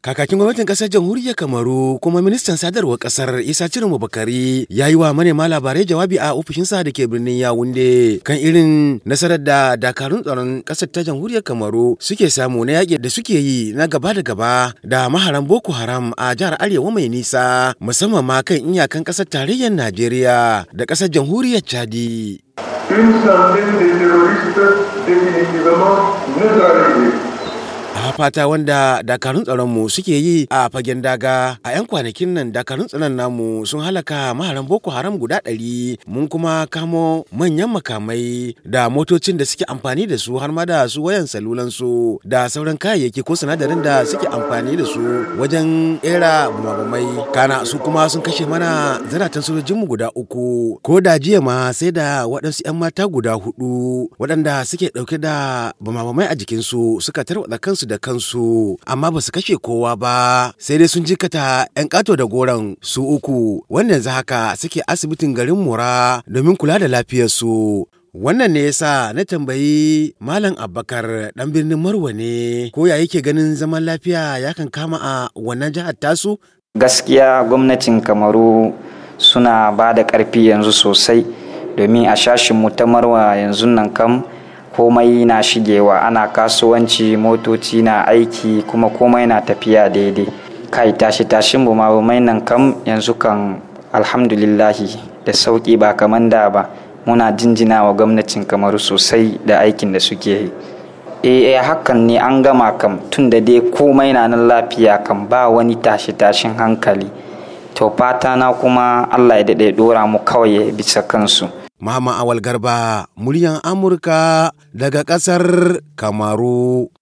Kakakin gwamnatin kasar jamhuriyar Kamaru kuma ministan sadarwar kasar Isa cire Bakari ya yi wa manema labarai jawabi a ofishin sa da ke birnin Yawunde kan irin nasarar da dakarun tsaron kasar ta jamhuriyar Kamaru suke samu na yaƙi da suke yi na gaba da gaba da maharan Boko Haram a jihar Arewa mai nisa musamman ma kan iyakan kasar tarayyar Najeriya da kasar jamhuriyar Chadi. a fata wanda dakarun tsaron mu suke yi a fagen daga a 'yan kwanakin nan dakarun tsaron namu sun halaka maharan boko haram guda ɗari mun kuma kamo manyan makamai da motocin da suke amfani da su har ma da su wayan salulansu da sauran kayayyaki ko sinadarin da suke amfani da su wajen era mabamai kana su kuma sun kashe mana zanatan mu guda uku ko da jiya ma sai da waɗansu 'yan mata guda hudu waɗanda suke ɗauke da bumabumai a jikinsu suka tarwaɗa kansu da kansu amma ba su kashe kowa ba sai dai sun jikata 'yan kato da goron su uku wanda yanzu haka suke asibitin garin mura domin kula da lafiyarsu wannan ne yasa na tambayi malam abakar dan birnin marwa ne ko ya yake ganin zaman lafiya ya kan kama a wannan jihar tasu gaskiya gwamnatin kamaru suna ba da ƙarfi yanzu sosai domin a shashin mu ta marwa yanzu nan kam komai na shigewa ana kasuwanci motoci na aiki kuma komai na tafiya daidai kai tashi tashin bumabumai nan kam yanzu kan alhamdulillahi da sauki ba kamar da ba muna jinjina wa gwamnatin kamaru sosai da aikin da suke yi e hakan ne an gama kam tun da dai komai na nan lafiya kan ba wani tashi tashin hankali to fata na kuma allah ya daɗe dora mu kawai bisa kansu Mama Awal Garba, mulyan Amurka daga ƙasar Kamaru.